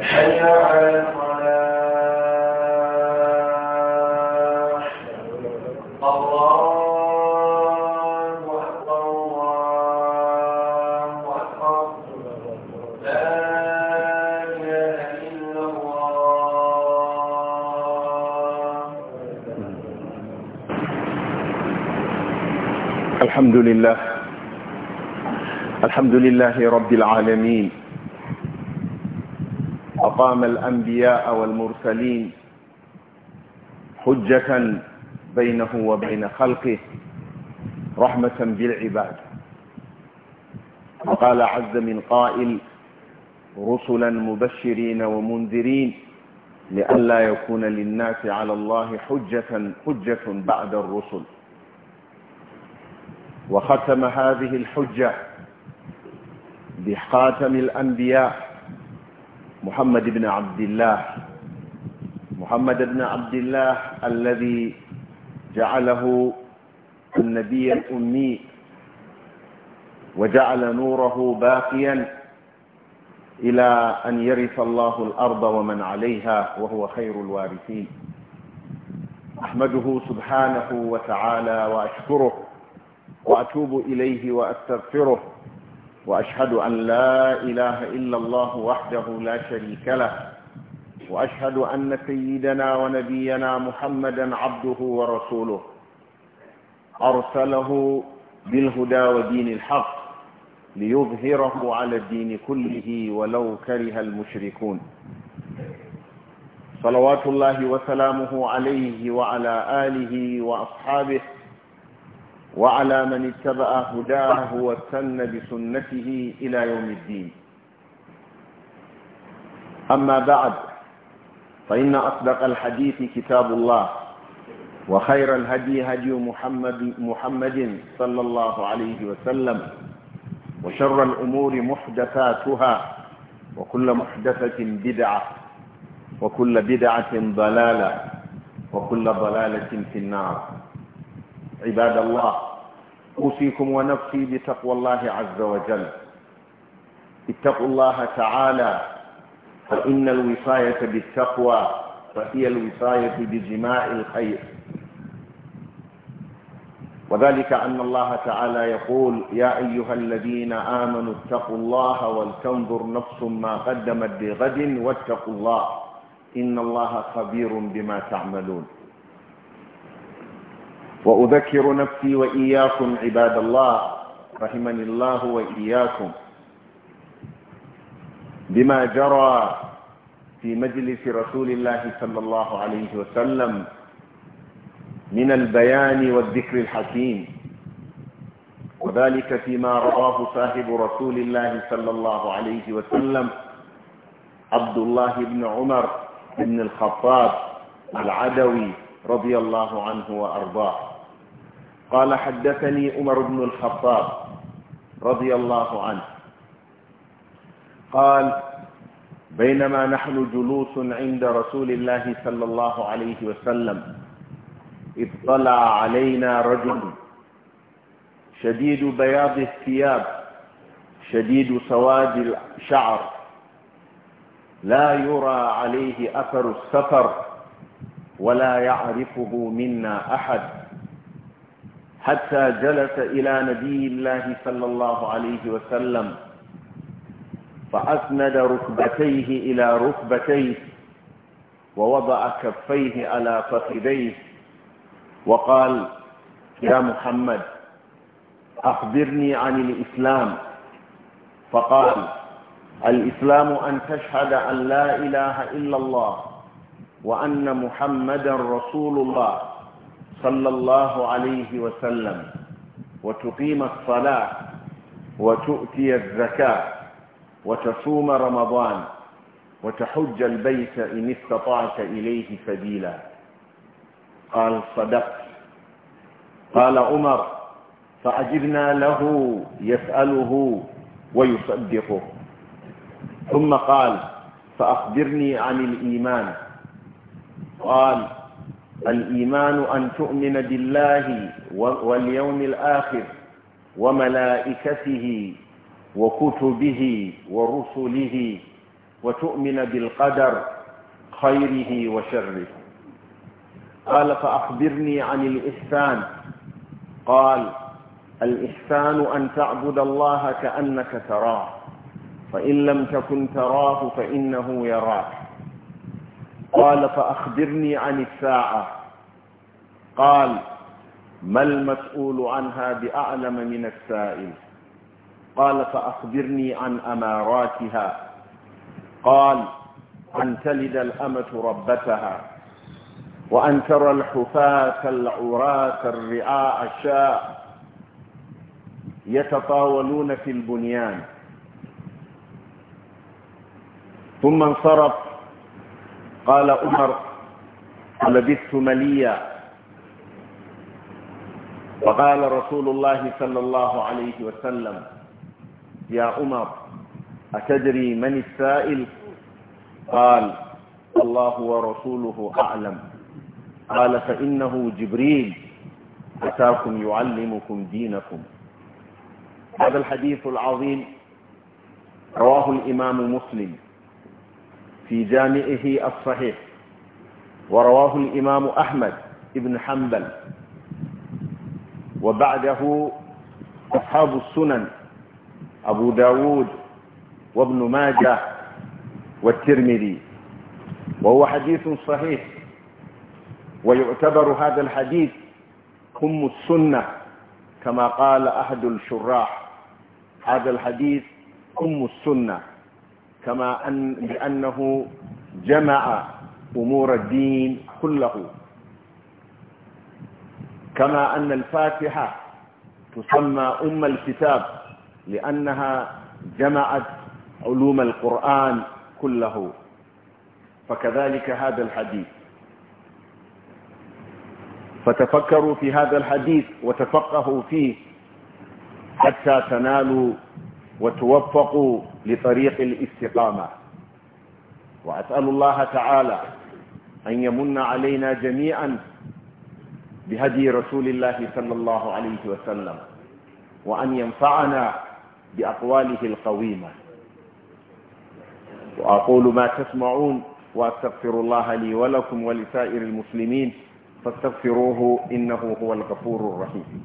حي على الفلاح الله أكبر الله أكبر لا إله إلا الله الحمد لله الحمد لله رب العالمين مقام الأنبياء والمرسلين حجة بينه وبين خلقه رحمة بالعباد وقال عز من قائل رسلا مبشرين ومنذرين لئلا يكون للناس على الله حجة حجة بعد الرسل وختم هذه الحجة بخاتم الأنبياء محمد بن عبد الله محمد بن عبد الله الذي جعله النبي الأمي وجعل نوره باقيا إلى أن يرث الله الأرض ومن عليها وهو خير الوارثين أحمده سبحانه وتعالى وأشكره وأتوب إليه وأستغفره وأشهد أن لا إله إلا الله وحده لا شريك له وأشهد أن سيدنا ونبينا محمدا عبده ورسوله أرسله بالهدى ودين الحق ليظهره على الدين كله ولو كره المشركون صلوات الله وسلامه عليه وعلى آله وأصحابه وعلى من اتبع هداه واتن بسنته إلى يوم الدين أما بعد فإن أصدق الحديث كتاب الله وخير الهدي هدي محمد, محمد صلى الله عليه وسلم وشر الأمور محدثاتها وكل محدثة بدعة وكل بدعة ضلالة وكل ضلالة في النار عباد الله أوصيكم ونفسي بتقوى الله عز وجل اتقوا الله تعالى فإن الوصاية بالتقوى فهي الوصاية بجماع الخير وذلك أن الله تعالى يقول يا أيها الذين آمنوا اتقوا الله ولتنظر نفس ما قدمت بغد واتقوا الله إن الله خبير بما تعملون وأذكر نفسي وإياكم عباد الله رحمني الله وإياكم بما جرى في مجلس رسول الله صلى الله عليه وسلم من البيان والذكر الحكيم وذلك فيما رواه صاحب رسول الله صلى الله عليه وسلم عبد الله بن عمر بن الخطاب العدوي رضي الله عنه وأرضاه قال حدثني عمر بن الخطاب رضي الله عنه قال بينما نحن جلوس عند رسول الله صلى الله عليه وسلم اطلع علينا رجل شديد بياض الثياب شديد سواد الشعر لا يرى عليه اثر السفر ولا يعرفه منا احد حتى جلس إلى نبي الله صلى الله عليه وسلم فأسند ركبتيه إلى ركبتيه ووضع كفيه على فخذيه وقال يا محمد أخبرني عن الإسلام فقال الإسلام أن تشهد أن لا إله إلا الله وأن محمدا رسول الله صلى الله عليه وسلم وتقيم الصلاة وتؤتي الزكاة وتصوم رمضان وتحج البيت إن استطعت إليه سبيلا قال صدقت قال عمر فعجبنا له يسأله ويصدقه ثم قال فأخبرني عن الإيمان قال الإيمان أن تؤمن بالله واليوم الآخر وملائكته وكتبه ورسله وتؤمن بالقدر خيره وشره قال فأخبرني عن الإحسان قال الإحسان أن تعبد الله كأنك تراه فإن لم تكن تراه فإنه يراك قال فأخبرني عن الساعة قال ما المسؤول عنها بأعلم من السائل قال فأخبرني عن أماراتها قال أن تلد الأمة ربتها وأن ترى الحفاة العراة الرعاء الشاء يتطاولون في البنيان ثم انصرف قال عمر لبثت مليا وقال رسول الله صلى الله عليه وسلم يا عمر أتدري من السائل قال الله ورسوله أعلم قال فإنه جبريل أتاكم يعلمكم دينكم هذا الحديث العظيم رواه الإمام مسلم في جامعه الصحيح ورواه الإمام أحمد بن حنبل وبعده أصحاب السنن أبو داود وابن ماجه والترمذي وهو حديث صحيح ويعتبر هذا الحديث أم السنة كما قال أحد الشراح هذا الحديث أم السنة كما أن لأنه جمع أمور الدين كله كما أن الفاتحة تسمى أم الكتاب لأنها جمعت علوم القرآن كله فكذلك هذا الحديث فتفكروا في هذا الحديث وتفقهوا فيه حتى تنالوا وتوفقوا لطريق الاستقامة وأسأل الله تعالى أن يمن علينا جميعا بهدي رسول الله صلى الله عليه وسلم وأن ينفعنا بأقواله القويمة وأقول ما تسمعون وأستغفر الله لي ولكم ولسائر المسلمين فاستغفروه إنه هو الغفور الرحيم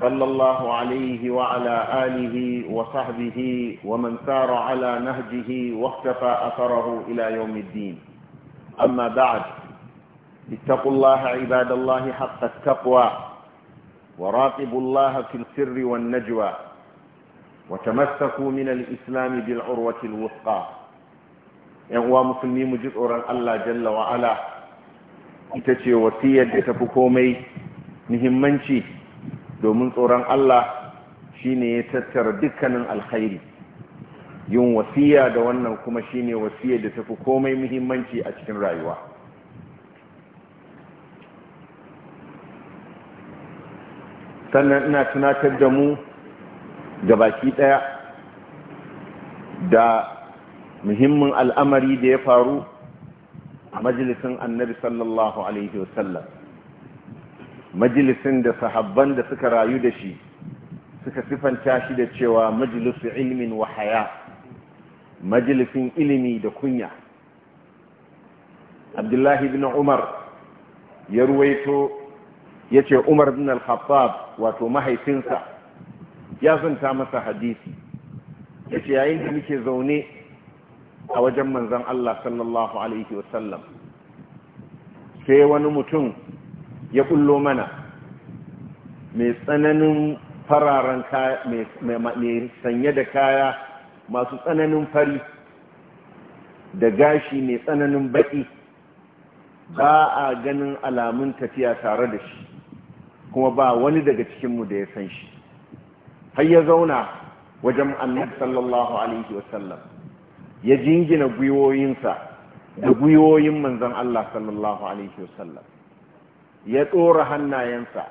صلى الله عليه وعلى آله وصحبه ومن سار على نهجه واختفى أثره إلى يوم الدين أما بعد اتقوا الله عباد الله حق التقوى وراقبوا الله في السر والنجوى وتمسكوا من الإسلام بالعروة الوثقى يقوى مسلمي مجدورا الله جل وعلا اتشي wasiyar da tafi komai domin tsoron Allah shine ya tattara dukkanin alkhairi yin wasiya da wannan kuma shine wasiya da tafi komai muhimmanci a cikin rayuwa sannan ina tunatar da mu ga baki daya da muhimmin al'amari da ya faru a majalisin annabi sallallahu alaihi wasallam majalisin da sahabban da suka rayu da shi suka sifanta shi da cewa majalisu ilmin wa majalisin ilimi da kunya abdullahi bin umar ya ruwaito ya ce umar bin al-khattab wato mahaifinsa ya zanta masa hadisi ya ce yayin da muke zaune a wajen manzan Allah sallallahu alaihi wasallam sai wani mutum ya kullo mana mai tsananin fararen kaya mai sanye da kaya masu tsananin fari da gashi mai tsananin baki ba a ganin alamun tafiya tare da shi kuma ba wani daga cikinmu da ya san shi har ya zauna wajen annabi sallallahu alaihi wasallam ya jingina gwiwoyinsa da gwiwoyin manzan Allah sallallahu alaihi wasallam ya ɗora hannayensa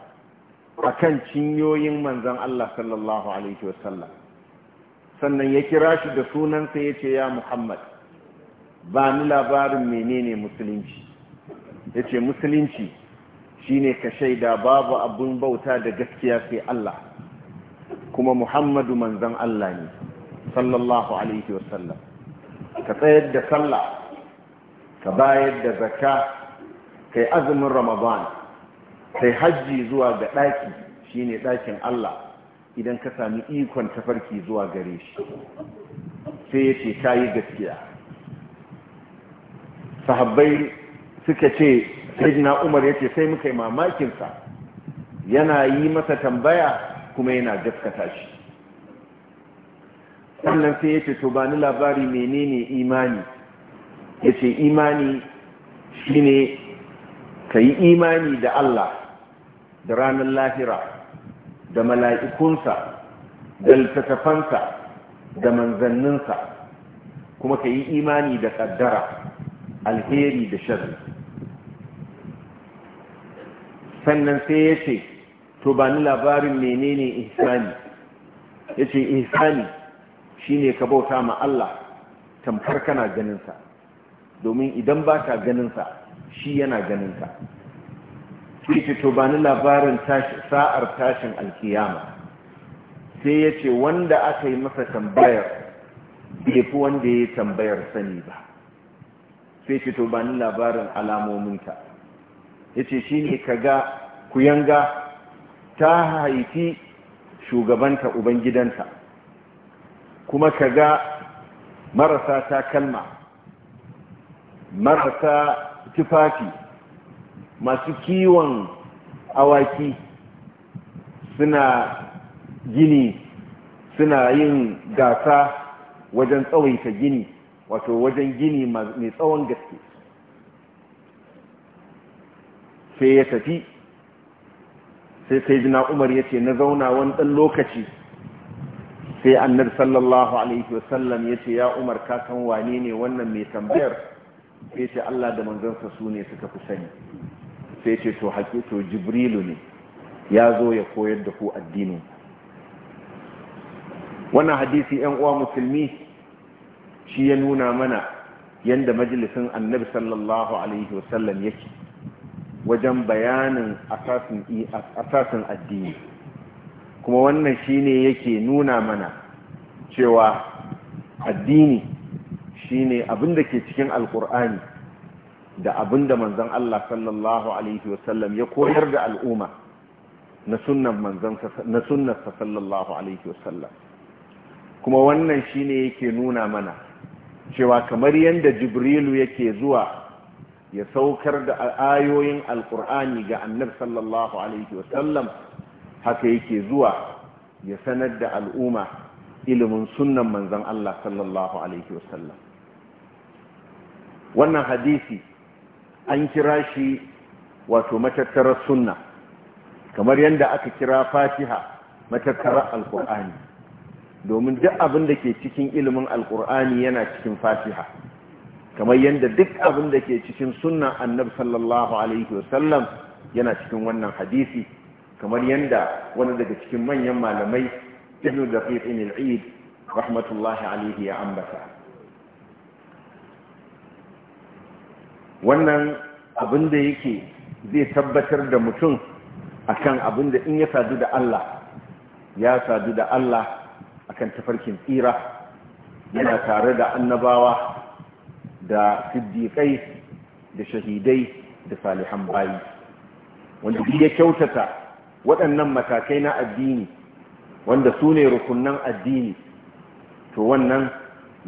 a kan cinyoyin manzan Allah sallallahu Alaihi wasallam sannan ya kira shi da sunansa ya ce ya Muhammad ba ni labarin menene musulunci ya ce musulunci shi ne ka shaida babu abun bauta da gaskiya sai Allah kuma Muhammadu manzan Allah ne sallallahu Alaihi wasallam ka tsayar da sallah ka bayar da zakka kai azumin ramadan sai hajji zuwa ga ɗaki shine ɗakin Allah idan ka sami ikon tafarki zuwa gare shi sai ya ce yi gaskiya sahabbai suka ce sayyidina umar ya ce sai muka yi mamakinsa yana yi masa tambaya kuma yana gaskata shi sannan sai ya ce to ba ni labari menene imani ya ce imani shine ka yi imani da Allah da ranar lahira da mala'ikunsa da littattafansa da manzanninsa kuma ka yi imani da ƙaddara alheri da shari sannan sai ya ce to ba ni labarin menene ihsani ya ce ihsani shi ne ka bauta ma Allah tamkar kana ganinsa domin idan ba ka ganinsa shi yana ganinka shi fito to ba ni labarin sa'ar tashin alkiyama sai ya ce wanda aka yi masa tambayar bai fi wanda ya yi tambayar sani ba sai fito to ba ni labarin alamominta ya ce shi ne ka ga kuyanga ta haifi shugabanta ubangidanta kuma ka ga marasa takalma marasa tufafi masu kiwon awaki suna gini suna yin gasa wajen tsawaita gini wato wajen gini mai tsawon gaske sai ya tafi sai sai jina umar ya ce na zauna wani ɗan lokaci sai annar sallallahu alaihi wasallam ya ce ya umar kasan wane ne wannan mai tambayar sai ce Allah da manzansa su ne suka fi sani sai ce to hakito jibrilu ne ya zo ya koyar da ku addini wannan hadisi yan uwa musulmi shi ya nuna mana yadda majalisin annabi sallallahu alaihi wasallam yake wajen bayanin asasin addini kuma wannan shine yake nuna mana cewa addini shine abin da ke cikin alkur'ani da abin da manzan Allah sallallahu alaihi wasallam ya koyar da al'umma na sunansa manzon na sunnarsa sallallahu alaihi wasallam kuma wannan shine yake nuna mana cewa kamar yadda jibrilu yake zuwa ya saukar da ayoyin alkur'ani ga annabi sallallahu alaihi wasallam haka yake zuwa ya sanar da al'umma ilimin sunan manzan Allah sallallahu alaihi wasallam wannan hadisi an kira shi wato matattarar sunna kamar yadda aka kira fatiha matattarar alkur'ani domin duk abin da ke cikin ilimin alkur'ani yana cikin fatiha kamar yadda duk abin da ke cikin sunna annab sallallahu alaihi wasallam yana cikin wannan hadisi kamar yadda wani daga cikin manyan malamai ibn da fi al rahmatullahi alaihi ya ambata wannan abin da yake zai tabbatar da mutum a kan abin da in ya sadu da Allah ya sadu da Allah a kan tafarkin tsira yana tare da annabawa da siddiƙai da shahidai da salihan bayi wanda ya kyautata waɗannan matakai na addini wanda su ne rukunan addini to wannan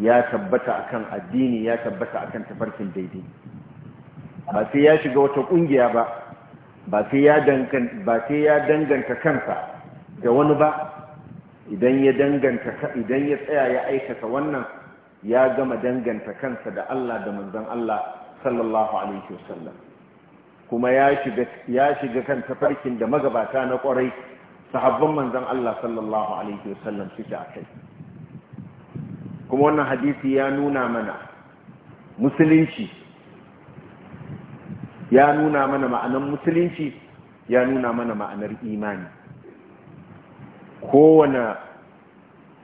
ya tabbata akan addini ya tabbata akan tafarkin daidai ba sai ya shiga wata kungiya ba ba sai ya danganta kansa da wani ba idan ya danganta idan ya tsaya ya aikata wannan ya gama danganta kansa da Allah da manzon Allah sallallahu alaihi wasallam kuma ya shiga ya shiga kan tafarkin da magabata na kwarai sahabban manzon Allah sallallahu alaihi wasallam suke akai kuma wannan hadisi ya nuna mana musulunci ya nuna mana ma'anar musulunci ya nuna mana ma'anar imani kowane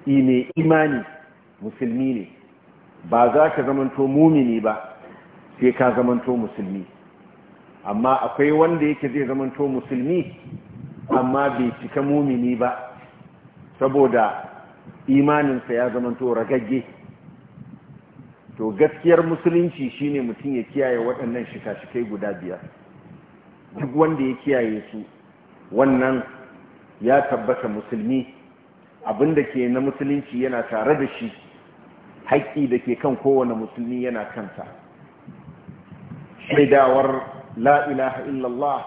ime imani musulmi ne ba za ka zamanto mumini ba sai ka zamanto musulmi amma akwai wanda yake zai zamanto musulmi amma bai cika mumini ba saboda imaninsa ya zamanto ragagge to gaskiyar musulunci shine mutum ya kiyaye waɗannan shika-shikai guda biyar duk wanda ya kiyaye su wannan ya tabbata musulmi abinda ke na musulunci yana tare da shi haƙƙi da ke kan kowane musulmi yana kanta shaidawar la ilaha illallah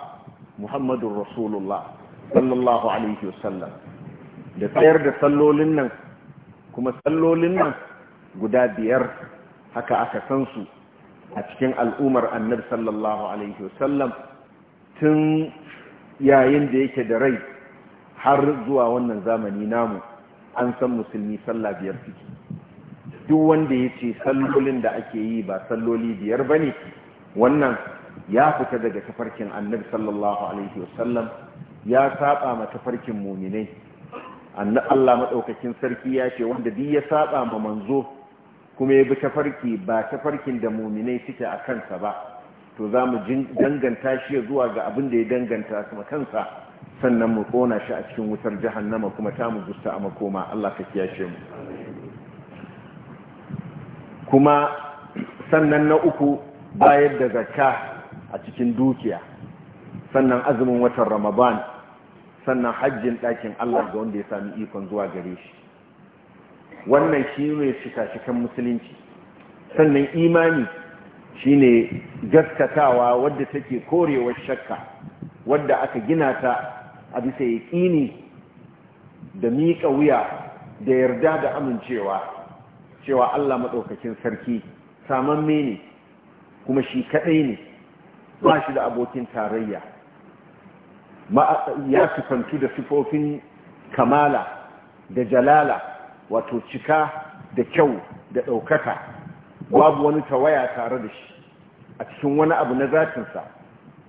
muhammadun rasulullah sallallahu alaihi wasallam da tsayar da sallolin nan kuma sallolin nan guda biyar haka aka san su a cikin al'umar annabi sallallahu alaihi wasallam tun yayin da yake da rai har zuwa wannan zamani namu an san musulmi sallah biyar suke duk wanda ya ce sallolin da ake yi ba salloli biyar ba ne wannan ya fita daga tafarkin annabi sallallahu alaihi wasallam ya saba ma tafarkin muminai Allah maɗaukakin sarki ya ce wanda biyu ya saba ma manzo kuma ya bi tafarki ba tafarkin da muminai suke a kansa ba to za mu danganta shi zuwa ga abin da ya danganta kuma kansa sannan mu kona shi a cikin wutar jahannama kuma ta mu gusta a makoma Allah ka kiyashe mu kuma sannan na uku bayar da zakka a cikin dukiya sannan azumin watan ramadan sannan hajjin ɗakin Allah ga wanda ya sami ikon zuwa gare shi wannan shi ne shika-shikan musulunci sannan imani shi ne gaskatawa wadda take korewar shakka wadda aka gina ta a bisa yaƙini da miƙa wuya da yarda da amincewa cewa Allah maɗaukakin sarki samamme ne kuma shi kaɗai ne ba shi da abokin tarayya ya sufantu da sufofin kamala da jalala wato cika da kyau da ɗaukaka babu wani tawaya tare da shi a cikin wani abu na zatinsa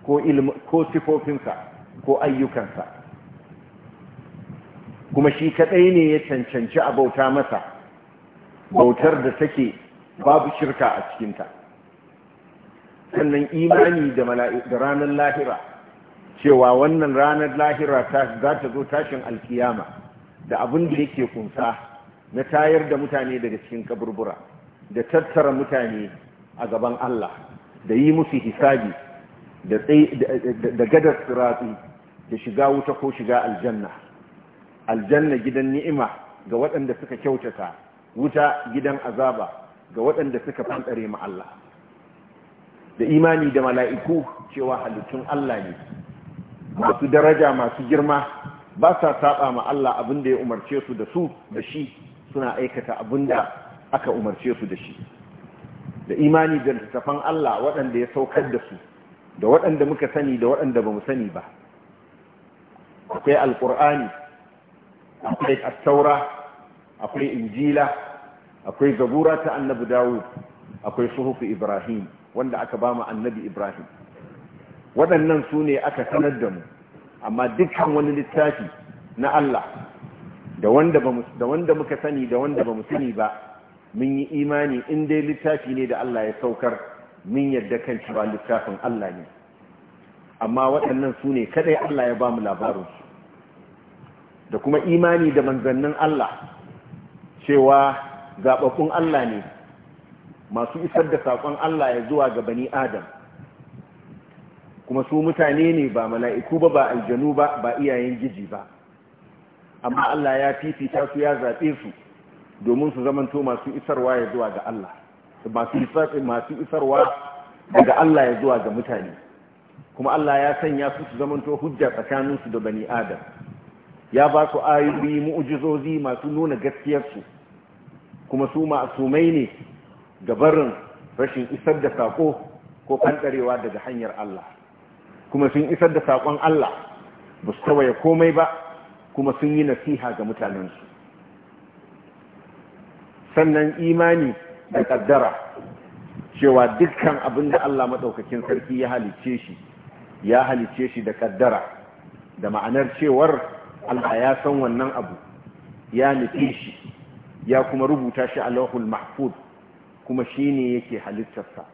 ko sifofinsa ko ayyukansa kuma shi kaɗai ne ya cancanci a bauta masa bautar da take babu shirka a cikinta sannan imani da ranar lahira cewa wannan ranar lahira za ta zo tashin alkiyama da abin da yake kunsa na tayar da mutane daga cikin kaburbura da tattara mutane a gaban Allah da yi musu hisabi da gadar siratu da shiga wuta ko shiga aljanna aljanna gidan ni'ima ga waɗanda suka kyautata wuta gidan azaba ga waɗanda suka fantsare ma Allah da imani da mala'iku cewa halittun Allah ne masu daraja masu girma ba sa saba ma Allah abin da ya umarce su da su da shi suna aikata abin da aka umarce su da shi da imani da littattafan Allah waɗanda ya saukar da su da waɗanda muka sani da waɗanda ba mu sani ba akwai alƙur'ani akwai attaura akwai injila akwai zabura ta annabi dawud akwai suhufu ibrahim wanda aka ba mu annabi ibrahim waɗannan su ne aka sanar da mu amma dukkan wani littafi na Allah da wanda muka sani da wanda ba mu sani ba mun yi imani in dai littafi ne da Allah ya saukar mun yadda kan cewa littafin Allah ne amma waɗannan su ne kadai Allah ya ba mu labarinsu da kuma imani da manzannin Allah cewa zaɓaɓɓun Allah ne masu isar da saƙon Allah ya zuwa ga bani Adam kuma su mutane ne ba mala'iku ba ba aljanu ba ba iyayen giji ba amma Allah ya fifita su ya zaɓe su domin su zamanto masu isarwa ya zuwa ga Allah masu isarwa daga Allah ya zuwa ga mutane kuma Allah ya sanya su su zamanto hujja tsakaninsu da bani adam ya ba su ayoyi mu'ujizozi masu nuna gaskiyarsu kuma su ma'asumai ne ga barin rashin isar da saƙo ko kankarewa daga hanyar Allah kuma sun isar da saƙon Allah ba su tawaye komai ba kuma sun yi nasiha ga mutanensu sannan imani da kaddara cewa dukkan abin da Allah maɗaukakin sarki ya halice shi ya halicce shi da kaddara da ma'anar cewar Allah ya san wannan abu ya nufi shi ya kuma rubuta shi a lahul mahfud kuma shine yake halittarsa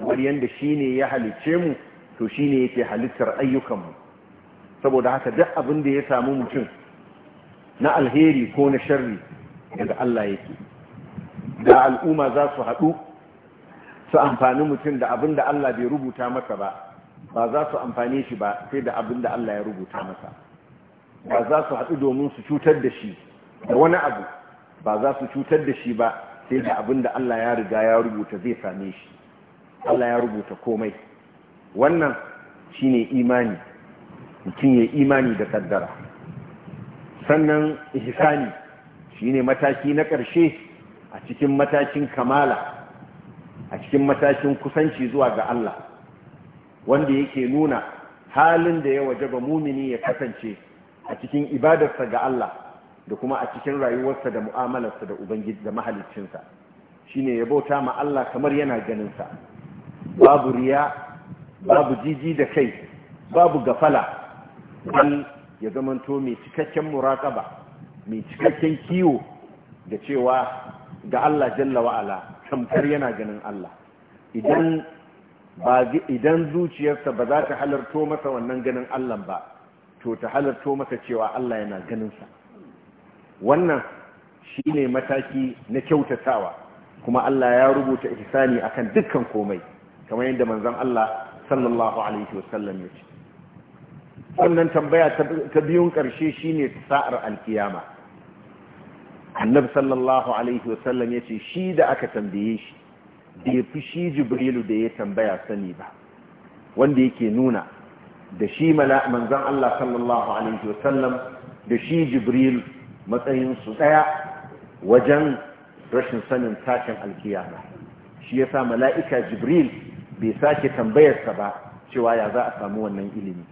kamar yadda shine ya halicce mu to shine yake halittar ayyukanmu saboda haka duk abin da ya samu mutum na alheri ko na sharri daga Allah yake da al'umma za su haɗu su amfani mutum da abin da Allah bai rubuta masa ba ba za su amfani shi ba sai da abin da Allah ya rubuta masa ba za su haɗu domin su cutar da shi da wani abu ba za su cutar da shi ba sai da abin da Allah ya riga ya rubuta zai same shi Allah ya rubuta komai wannan shine imani mutum ya imani da kaddara sannan ihsani shine mataki na ƙarshe a cikin matakin kamala a cikin matakin kusanci zuwa ga Allah wanda yake nuna halin da ya wajaba mumini ya kasance a cikin ibadarsa ga Allah da kuma a cikin rayuwarsa da mu'amalarsa da ubangiji da mahaliccinsa shine ya bauta ma Allah kamar yana ganinsa babu riya babu jiji da kai babu gafala bal ya zamanto mai cikakken muraƙaba mai cikakken kiwo da cewa ga Allah jalla wa'ala tamkar yana ganin Allah idan zuciyarsa ba za ta halarto masa wannan ganin Allah ba to ta halarto masa cewa Allah yana ganinsa wannan shi ne mataki na kyautatawa kuma Allah ya rubuta ihsani akan dukkan komai kamar yadda manzon Allah sallallahu alaihi wasallam ya ce wannan tambaya ta biyun ƙarshe shine sa'ar alkiyama annabi sallallahu alaihi wasallam ya ce shi da aka tambaye shi da ya fi shi jibrilu da ya tambaya sani ba wanda yake nuna da shi manzan Allah sallallahu alaihi wasallam da shi jibril matsayinsu ɗaya wajen rashin sanin tashin alkiyama shi ya sa mala'ika jibril bai sake tambayarsa ba cewa ya za a samu wannan ilimi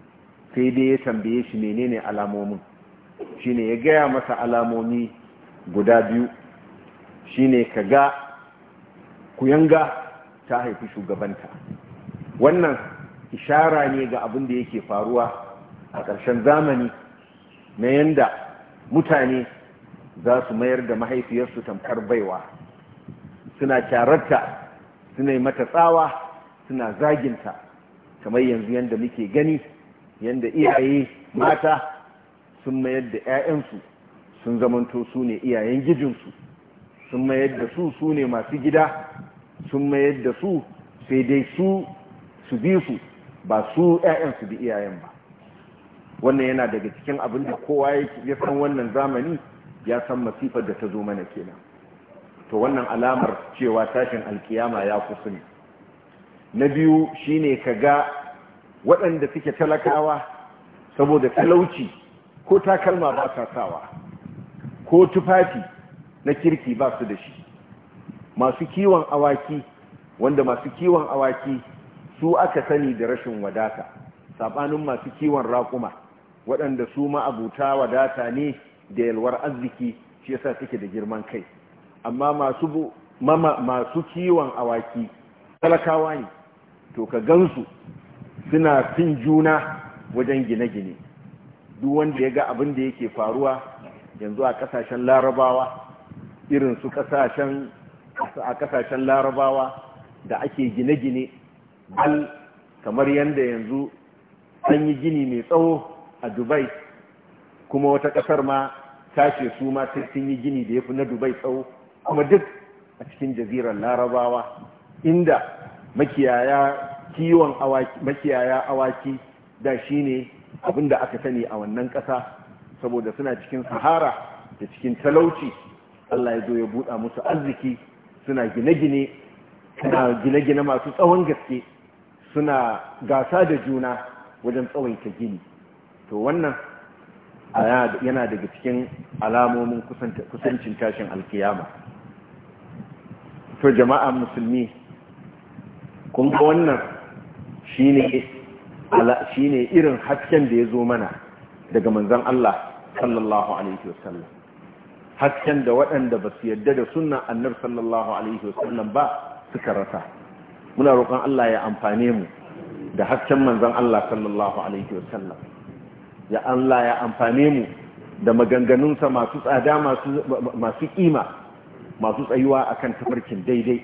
sai dai ya tambaye shi menene alamomin shine ya gaya masa alamomi guda biyu shine ka ga ku yanga ta haifi shugabanta wannan ishara ne ga abin da yake faruwa a ƙarshen zamani na yanda mutane za su mayar da mahaifiyarsu tamkar baiwa suna kyararta suna yi mata tsawa suna zaginta kamar yanzu yanda muke gani yanda iyaye mata sun mayar da 'ya'yansu sun zamanto su ne iyayen gijinsu sun mayar da su su ne masu gida sun mayar da su sai dai su su bi su ba su 'ya'yansu da bi iyayen ba wannan yana daga cikin abin da kowa ya san wannan zamani ya san masifar da ta zo mana kenan to wannan alamar cewa tashin alkiyama ya kusa ne na biyu shine ka ga waɗanda suke talakawa saboda talauci ko takalma ba sa sawa ko tufafi na kirki ba su da shi masu kiwon awaki wanda masu kiwon awaki su aka sani da rashin wadata saɓanin masu kiwon raƙuma waɗanda su ma'abuta wadata ne da yalwar arziki shi yasa suke da girman kai amma masu masu kiwon awaki talakawa ne to ka gansu suna fin juna wajen gine-gine duk wanda ya ga abin da yake faruwa yanzu a kasashen larabawa irin su kasashen a kasashen larabawa da ake gine-gine al kamar yadda yanzu an yi gini mai tsawo a dubai kuma wata kasar ma tashe su ma sun yi gini da ya fi na dubai tsawo kuma duk a cikin jazirar larabawa inda makiyaya kiwon makiyaya awaki da shine abin da aka sani a wannan ƙasa saboda suna cikin sahara da cikin talauci Allah ya zo ya buɗa musu arziki suna gine-gine suna gine-gine masu tsawon gaske suna gasa da juna wajen tsawaita gini to wannan yana daga cikin alamomin kusancin tashin alkiyama to jama'a musulmi kun ga wannan shi ne irin hasken da ya zo mana daga manzan Allah sallallahu alaihi wasallam hasken da waɗanda ba su yadda da sunan annar sallallahu alaihi wasallam ba suka rasa muna roƙon Allah ya amfane mu da hasken manzan Allah sallallahu alaihi wasallam ya Allah ya amfane mu da maganganunsa masu tsada masu kima masu tsayuwa akan tafarkin daidai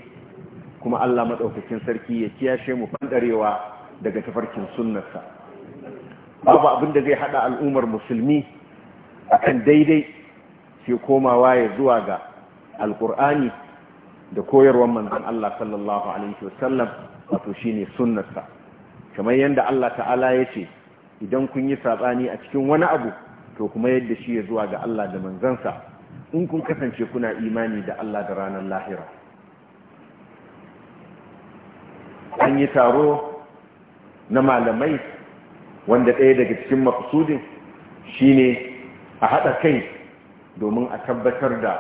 kuma Allah maɗaukakin sarki ya kiyashe mu faɗarewa daga tafarkin sunnarsa babu abin da zai haɗa al'ummar musulmi akan daidai sai komawa ya zuwa ga Alkur'ani da koyarwar manzon Allah sallallahu alaihi wasallam wato shine sunnarsa kamar yadda Allah ta'ala ya ce idan kun yi sabani a cikin wani abu to kuma yadda shi ya zuwa ga Allah da manzansa in kun kasance kuna imani da Allah da ranar lahira an yi taro na malamai wanda ɗaya daga cikin maksudin shine a haɗa kai domin a tabbatar da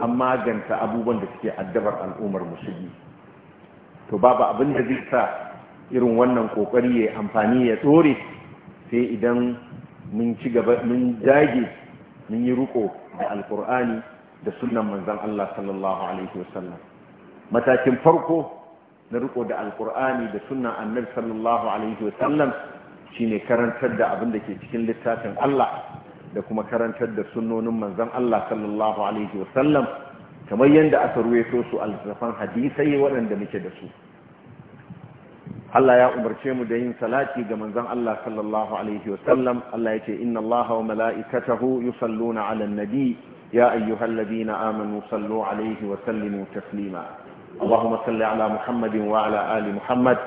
an maganta abubuwan da suke addabar al'ummar musulmi to babu abin da zai sa irin wannan kokari ya amfani ya tsore sai idan mun ci gaba mun dage mun yi ruko da alkur'ani da sunan manzan Allah sallallahu alaihi wasallam matakin farko na riko da alkur'ani da sunna annabi sallallahu alaihi wasallam shine karantar da abin da ke cikin littafin Allah da kuma karantar da sunnonin manzon Allah sallallahu alaihi wasallam kamar yadda aka ruwaito su alzafan hadisai waɗanda muke da su Allah ya umarce mu da yin salati ga manzon Allah sallallahu alaihi wasallam Allah yace inna Allaha wa mala'ikatahu yusalluna 'alan nabi ya ayyuhalladhina amanu sallu 'alaihi wa sallimu taslima اللهم صل على محمد وعلى آل محمد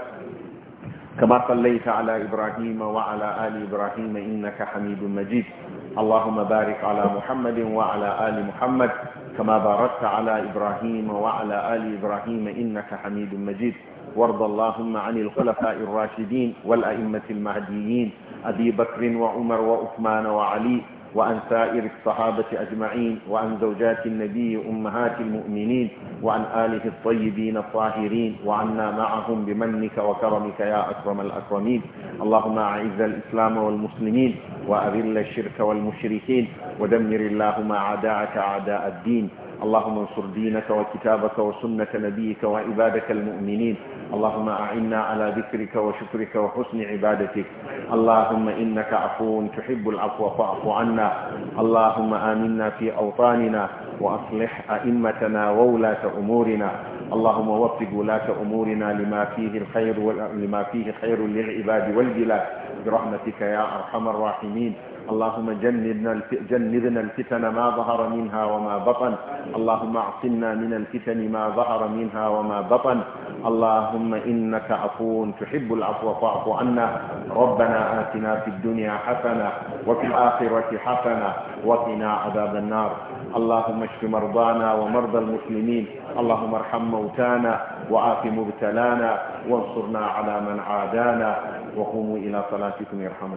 كما صليت على إبراهيم وعلى آل إبراهيم إنك حميد مجيد اللهم بارك على محمد وعلى آل محمد كما باركت على إبراهيم وعلى آل إبراهيم إنك حميد مجيد وارض اللهم عن الخلفاء الراشدين والأئمة المهديين أبي بكر وعمر وعثمان وعلي وعن سائر الصحابة أجمعين وعن زوجات النبي أمهات المؤمنين وعن آله الطيبين الطاهرين وعنا معهم بمنك وكرمك يا أكرم الأكرمين اللهم أعز الإسلام والمسلمين وأذل الشرك والمشركين ودمر اللهم أعداءك أعداء الدين اللهم انصر دينك وكتابك وسنة نبيك وعبادك المؤمنين اللهم أعنا على ذكرك وشكرك وحسن عبادتك اللهم إنك عفو تحب العفو فاعف عنا اللهم آمنا في أوطاننا وأصلح أئمتنا وولاة أمورنا اللهم وفق ولاة أمورنا لما فيه الخير لما فيه خير للعباد والبلاد برحمتك يا أرحم الراحمين اللهم جنبنا جنبنا الفتن ما ظهر منها وما بطن اللهم اعصمنا من الفتن ما ظهر منها وما بطن اللهم انك عفو تحب العفو فاعف عنا ربنا آتنا في الدنيا حسنه وفي الاخره حسنه وقنا عذاب النار اللهم اشف مرضانا ومرضى المسلمين اللهم ارحم موتانا وعاف مبتلانا وانصرنا على من عادانا وقوموا الى صلاتكم يرحمكم